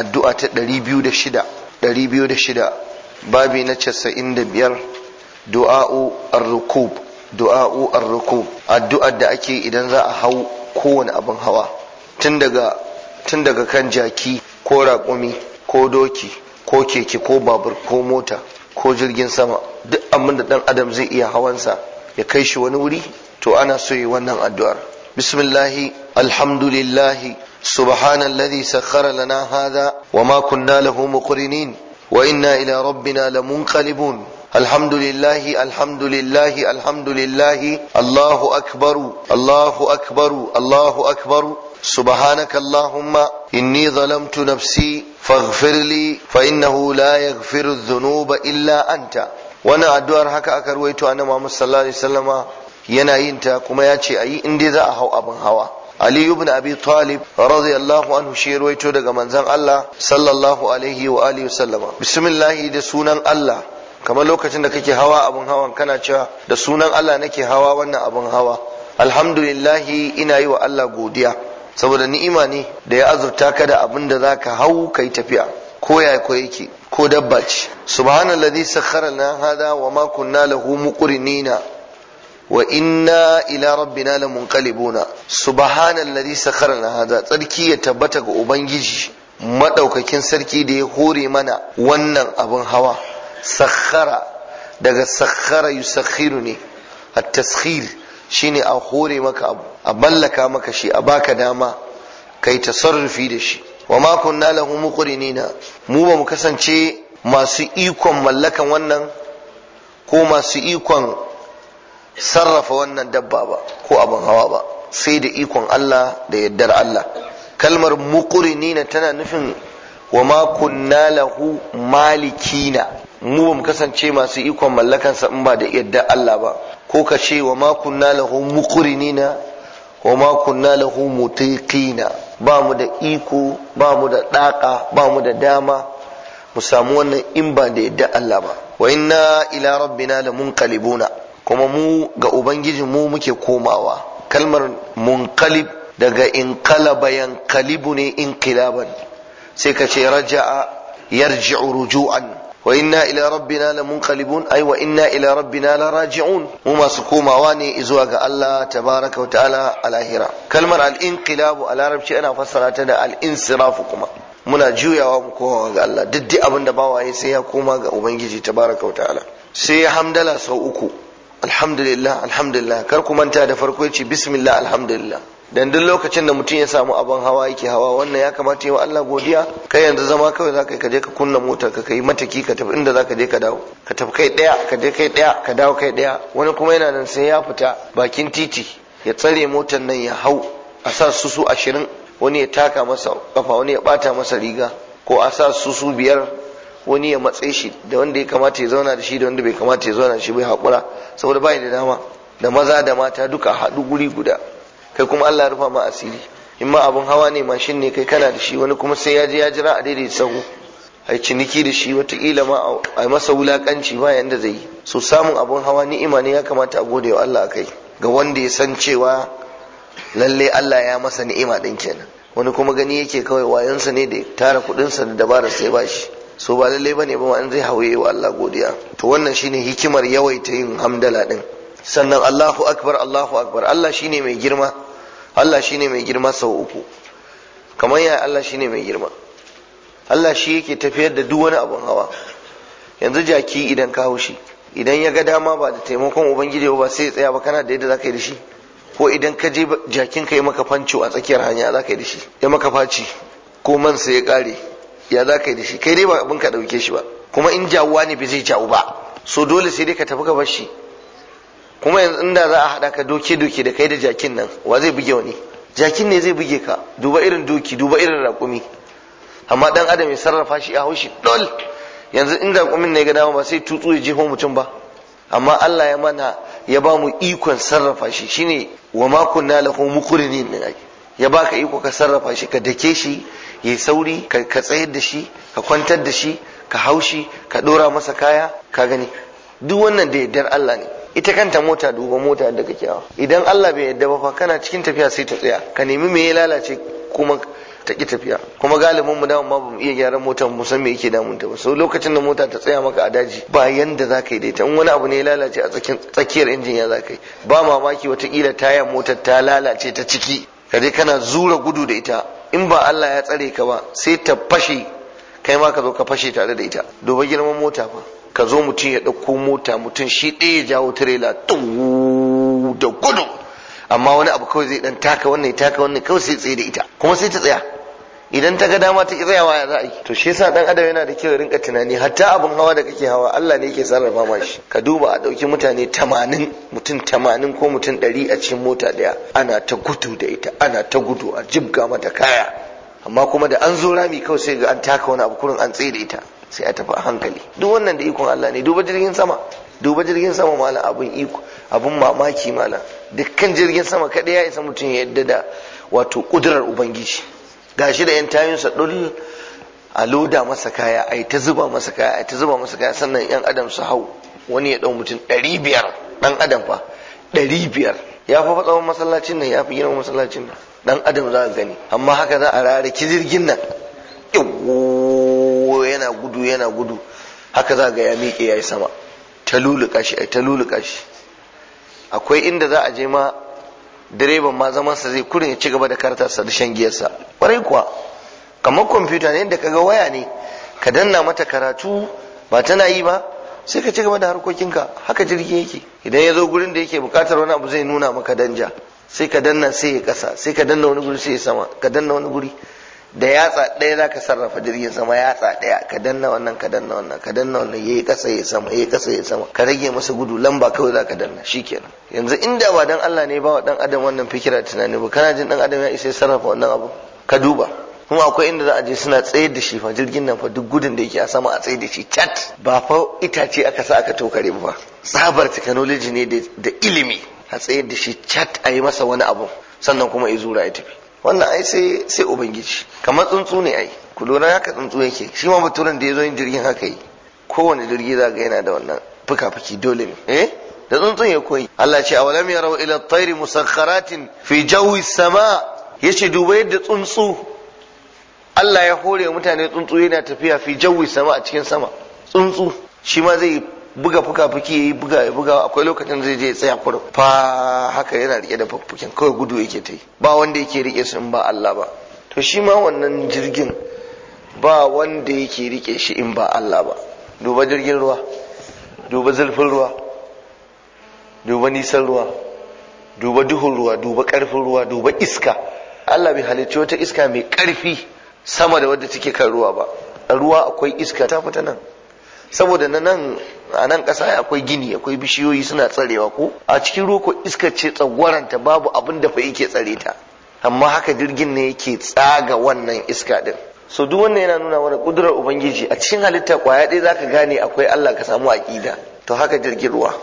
addu'a ta 206 206 babi na 95 du'a'u ar-rukub du'a'u ar-rukub addu'ar da ake idan za a hau kowane abin hawa tun daga tun daga kan jaki ko raƙumi ko doki ko keke ko babur ko mota ko jirgin sama duk abin da dan adam zai iya hawansa ya kai shi wani wuri to ana so yi wannan addu'ar bismillahi alhamdulillahi سبحان الذي سخر لنا هذا وما كنا له مقرنين وإنا إلى ربنا لمنقلبون الحمد لله الحمد لله الحمد لله الله أكبر الله أكبر الله أكبر سبحانك اللهم إني ظلمت نفسي فاغفر لي فإنه لا يغفر الذنوب إلا أنت وانا addu'ar haka aka ruwaito annabi Muhammad sallallahu alaihi wasallama yana yin ta kuma ya ce ayi in dai za a hau abin hawa Ali ibn Abi Talib radiyallahu anhu shi ruwaito daga manzon Allah sallallahu alaihi wa alihi wasallama bismillah da sunan Allah kamar lokacin da kake hawa abun hawan kana cewa da sunan Allah nake hawa wannan abun hawa alhamdulillahi ina yi wa Allah godiya saboda ni'ima ne da ya azurta ka da abin da zaka hau kai tafiya ko ya ko yake ko dabba ce subhanallazi lana hada wa ma kunna lahu muqrinina wa inna ila rabbina lamunqalibuna subhanalladhi sakhara lana hada tsarki ya tabbata ga ubangiji madaukakin sarki da ya hore mana wannan abun hawa sakhara daga sakhara yusakhiru ne at-taskhir shine a hore maka abu a mallaka maka shi a baka dama kai tasarrufi da shi wa ma kunna lahu muqrinina mu ba mu kasance masu ikon mallakan wannan ko masu ikon sarrafa wannan dabba ba ko abin hawa ba sai da ikon Allah da yaddar Allah kalmar na tana nufin wa ma kunna lahu malikina mu bamu kasance masu ikon mallakansa in ba da yaddar Allah ba ko ka ce wa ma kunna lahu muqrinina wa ma kunna lahu mutiqina ba mu da iko ba mu da daka ba mu da dama mu samu wannan in ba da yadda Allah ba wa inna ila rabbina lamunqalibuna kuma mu ga Ubangiji mu muke komawa kalmar munqalib daga yan yanqalibu ne inqilaban sai ka ce raja'a yarji'u ruju'an wa inna ila rabbina la munqalibun ay wa inna ila rabbina la raji'un mu masu komawa ne zuwa ga Allah tabaraka wa ta'ala alahira kalmar al inqilab a larabci ana fassara ta da al insiraf kuma muna juyawa mu komawa ga Allah duk abin da bawaye sai ya koma ga ubangiji tabaraka wa ta'ala sai hamdala sau uku alhamdulillah alhamdulillah kar ku manta da farko ya ce bismillah alhamdulillah dan duk lokacin da mutum ya samu abin hawa yake hawa wannan ya kamata yi wa Allah godiya kai yanzu zama kawai zaka ka ka kunna mota ka kai mataki ka tafi inda zaka je ka dawo ka tafi kai daya ka je kai daya ka dawo kai daya wani kuma yana nan sai ya fita bakin titi ya tsare motar nan ya hau a sa susu ashirin wani ya taka masa kafa wani ya bata masa riga ko a sa susu biyar wani ya matse shi da wanda ya kamata ya zauna da shi da wanda bai kamata ya zauna da shi bai haƙura saboda bai da dama da maza da mata duka haɗu guri guda kai kuma Allah rufa ma asiri in ma abun hawa ne mashin ne kai kana da shi wani kuma sai ya je ya jira a daidai sahu ai ciniki da shi wataƙila ma a masa wulakanci ba yanda zai yi so samun abun hawa ni'ima ne ya kamata a gode wa Allah kai ga wanda ya san cewa lalle Allah ya masa ni'ima din kenan wani kuma gani yake kawai wayansa ne da tara sa da dabara sai bashi so ba lallai bane ba an zai hawaye wa Allah godiya to wannan shine hikimar yawaita yin hamdala din sannan Allahu akbar Allahu akbar Allah shine mai girma Allah shine mai girma sau uku kamar ya Allah shine mai girma Allah shi yake tafiyar da duk wani abun hawa yanzu jaki idan ka haushi idan ya ga dama ba da taimakon ubangiji ba sai ya tsaya ba kana da yadda zaka yi da shi ko idan ka je jakin ka yi maka fanco a tsakiyar hanya zaka yi da shi ya maka faci ko man sai ya kare ya za ka yi da shi kai dai ba abin ka ɗauke shi ba kuma in jawuwa ne bai zai jawu ba so dole sai dai ka tafi ka bar shi kuma yanzu inda za a haɗa ka doke doke da kai da jakin nan wa zai buge wani jakin ne zai buge ka duba irin doki duba irin raƙumi amma dan adam ya sarrafa shi ya haushi dol yanzu in raƙumin ne ga dama ba sai tutsu ya jefo mutum ba amma Allah ya mana ya ba mu ikon sarrafa shi shine wa ma kunna lahu muqrinin ne ya baka iko ka sarrafa shi ka dake shi yayi sauri ka tsayar da shi ka kwantar da shi ka haushi ka dora masa kaya ka gani duk wannan da yardar Allah ne ita kanta mota duba mota da kake yawa idan Allah bai yarda ba fa kana cikin tafiya sai ta tsaya ka nemi me ya lalace kuma ta ki tafiya kuma galibin mu dama ba mu iya gyaran mota mu san me yake damun ta ba so lokacin da mota ta tsaya maka a daji ba yanda za ka yi daita in wani abu ne ya lalace a tsakiyar injin ya za ka yi ba mamaki watakila tayar motar ta lalace ta ciki ka je kana zura gudu da ita in ba Allah ya tsare ka ba sai ta fashe kai ma ka zo ka fashe tare da ita duba girman mota fa ka zo mutum ya ɗauko mota mutum shi ɗaya ya jawo tirela da gudu amma wani abu kawai zai dan taka wannan ya taka wannan kawai sai tsaye da ita kuma sai ta tsaya idan ta ga dama ta tsayawa ya za a yi to shi yasa dan adam yana da kyau rinka tunani hatta abun hawa da kake hawa Allah ne yake sarrafa ma shi ka duba a dauki mutane 80 mutum 80 ko mutum 100 a cikin mota daya ana ta gudu da ita ana ta gudu a jibga mata kaya amma kuma da an zo rami kawai sai ga an taka wani abu kurin an tsaye da ita sai a tafi a hankali duk wannan da ikon Allah ne duba jirgin sama duba jirgin sama malam abun iko abun mamaki malam dukkan jirgin sama kadai ya isa mutum ya yadda da wato kudurar ubangiji gashi da yan tayunsa dul a loda masa kaya ai ta zuba masa kaya ai ta zuba masa kaya sannan yan adam su hau wani ya dau mutum ɗari biyar ɗan adam fa ɗari biyar ya fa tsawon masallacin nan ya fi girman masallacin nan ɗan adam za ka gani amma haka za a rare jirgin nan yana gudu yana gudu haka za ga ya miƙe ya yi sama ta luluka shi ta luluka shi akwai inda za a je ma direban ma zamansa zai kurin ya ci gaba da sa da shan giyarsa kwarai kuwa kamar kwamfuta ne da kaga waya ne ka danna mata karatu ba tana yi ba sai ka ci gaba da harkokinka haka jirgi yake idan ya zo gurin da yake bukatar wani abu zai nuna maka danja sai ka danna sai ya kasa sai ka danna wani guri sai ya sama ka danna wani guri da yatsa ɗaya za ka sarrafa jirgin sama yatsa ɗaya ka danna wannan ka danna wannan ka danna wannan yayi ƙasa ya sama yayi ƙasa ya sama ka rage masa gudu lamba kawai za ka danna shikenan yanzu inda ba dan Allah ne ba wa dan adam wannan fikira tunani ba kana jin dan adam ya isa sarrafa wannan abu ka duba kuma akwai inda za a je suna tsayar da shi fa jirgin nan fa duk gudun da yake a sama a tsayar da shi cat ba fa itace aka sa aka tokare ba tsabar technology ne da ilimi a tsayar da shi cat a yi masa wani abu sannan kuma ya zura ya tafi wannan ai sai sai ubangiji kamar tsuntsu ne ai ku lura haka tsuntsu yake shi ma baturan da ya zo yin jirgin haka yi kowane jirgi za ga yana da wannan fuka-fuki dole ne eh da tsuntsun ya koyi Allah ce awalam rawu ila at-tayri musakharatin fi jawi sama yace duba yadda tsuntsu Allah ya hore mutane tsuntsu yana tafiya fi jawi sama a cikin sama tsuntsu shi ma zai buga fuka-fuki yayi buga buga akwai lokacin zai je tsaya kurum fa haka yana rike da fukin kawai gudu yake ta yi ba wanda yake rike su in ba Allah ba to shi ma wannan jirgin ba wanda yake rike shi in ba Allah ba duba jirgin ruwa duba zurfin ruwa duba nisan ruwa duba duhun ruwa duba karfin ruwa duba iska Allah bai halicci wata iska mai karfi sama da wadda take kan ruwa ba ruwa akwai iska ta fita nan saboda na nan a nan ƙasa akwai gini akwai bishiyoyi suna tsarewa ko a cikin roko iska ce tsagwaranta babu abin da fa yake tsare ta amma haka jirgin ne yake tsaga wannan iska din so duk wannan yana nuna wani kudurar ubangiji a cikin halitta kwaya ɗaya zaka gane akwai Allah ka samu aƙida to haka jirgin ruwa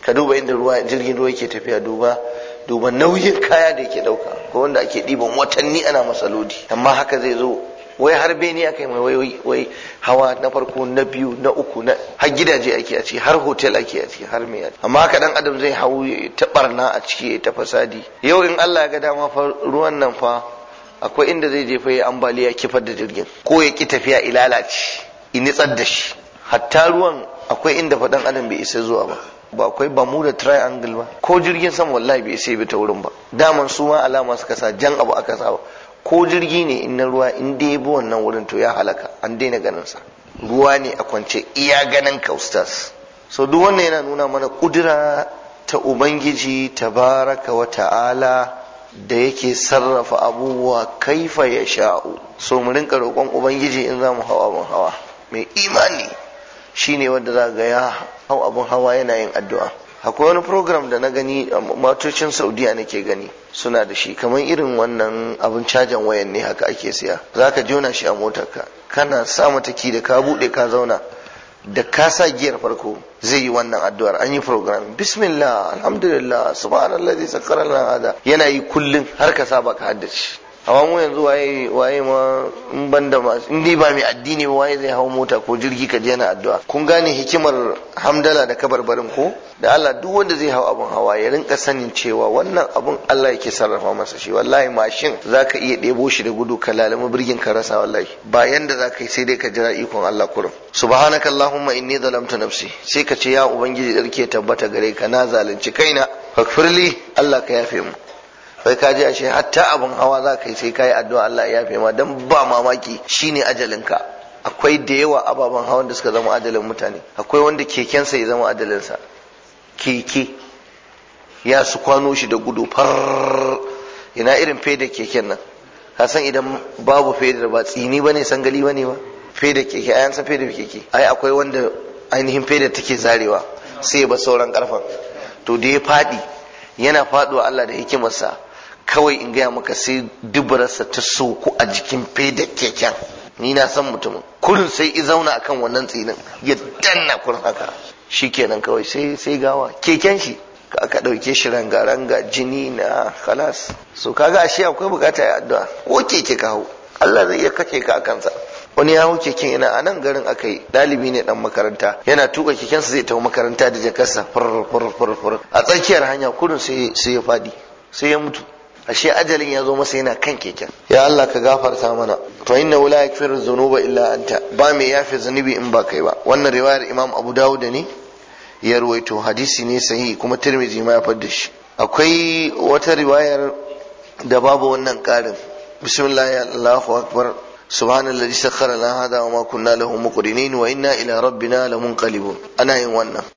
ka duba inda ruwa jirgin ruwa yake tafiya duba duba nauyin kaya da yake ɗauka ko wanda ake ɗiban watanni ana masa lodi amma haka zai zo wai har bene aka yi wai wai hawa na farko na biyu na uku na har gidaje ake a ciki har hotel ake a ciki har me amma haka dan adam zai hau ta barna a ciki ta fasadi yau in Allah ya ga dama fa ruwan nan fa akwai inda zai je fa ya ambaliya kifar da jirgin ko ya ki tafiya ilalace initsar da shi hatta ruwan akwai inda fa dan adam bai isa zuwa ba ba akwai da triangle ba ko jirgin sama wallahi bai isa bi ta wurin ba daman su ma alama suka sa jan abu aka sa ba ko jirgi ne in na ruwa in dai bi wannan wurin to ya halaka an daina ganin sa ruwa ne a kwance iya ganin ka ustaz so duk wannan yana nuna mana kudura ta ubangiji tabaraka wa ta'ala da yake sarrafa abubuwa kaifa ya sha'u so mu rinka roƙon ubangiji in za mu hau abin hawa mai imani shine wanda za ga ya hau abin hawa yana yin addu'a akwai wani program da na gani a matocin saudiya nake gani suna da shi kamar irin wannan abin cajan wayan ne haka ake siya za ka jona shi a motar ka kana sa mataki da ka buɗe ka zauna da ka sa giyar farko zai yi wannan addu'ar an yi program bismillah alhamdulillah subhanallah zai sakara hada yana yi kullum har ka saba ka haddace amma mu yanzu waye waye ma in banda ma in dai ba mai addini ba waye zai hau mota ko jirgi ka je yana addu'a kun gane hikimar hamdala da kabarbarin ko da Allah duk wanda zai hau abun hawa ya rinka sanin cewa wannan abun Allah yake sarrafa masa shi wallahi mashin zaka iya ɗebo shi da gudu ka lalama birgin ka rasa wallahi ba yanda zaka yi sai dai ka jira ikon Allah kurum subhanakallahumma inni zalamtu nafsi sai ka ce ya ubangiji darke tabbata gare ka na zalunci kaina fakfirli Allah ka yafe mu kai ka ji ashe hatta abin hawa za ka yi sai ka yi addu'a Allah ya yafe ma dan ba mamaki shine ajalinka akwai da yawa ababen hawan da suka zama ajalin mutane akwai wanda kekensa ya zama ajalinsa keke ya su kwano shi da gudu far ina irin fedar keken nan ka san idan babu fedar ba tsini bane sangali bane ba fedar keke a san fedar keke ai akwai wanda ainihin feda take zarewa sai ba sauran karfan to da ya fadi yana faduwa Allah da hikimarsa kawai in gaya maka sai dubararsa ta soku a jikin fedar keken ni na san mutumin kurin sai i zauna akan wannan tsinin ya danna kurin haka Shi kenan kawai sai gawa keken shi aka ɗauke shi ranga-ranga jini na halas so kaga ashe akwai bukata ya addu'a ko keke ka hau Allah zai iya kake ka kansa wani ya hau keken yana a nan garin aka yi ɗalibi ne ɗan makaranta yana tuka kekensa zai tafi makaranta da jakarsa fur fur fur a tsakiyar hanya kurin sai ya faɗi sai ya mutu ashe ajalin ya zo masa yana kan keken ya Allah ka gafarta mana to inna la yakfiru dhunuba illa anta ba mai yafi zunubi in ba kai ba wannan riwayar Imam Abu Dawud ne ya ruwaito hadisi ne sahihi kuma Tirmidhi ma ya fadda shi akwai wata riwayar da babu wannan karin bismillah Allahu akbar سبحان الذي سخر لنا هذا وما كنا له مقرنين وإنا إلى ربنا لمنقلبون أنا إن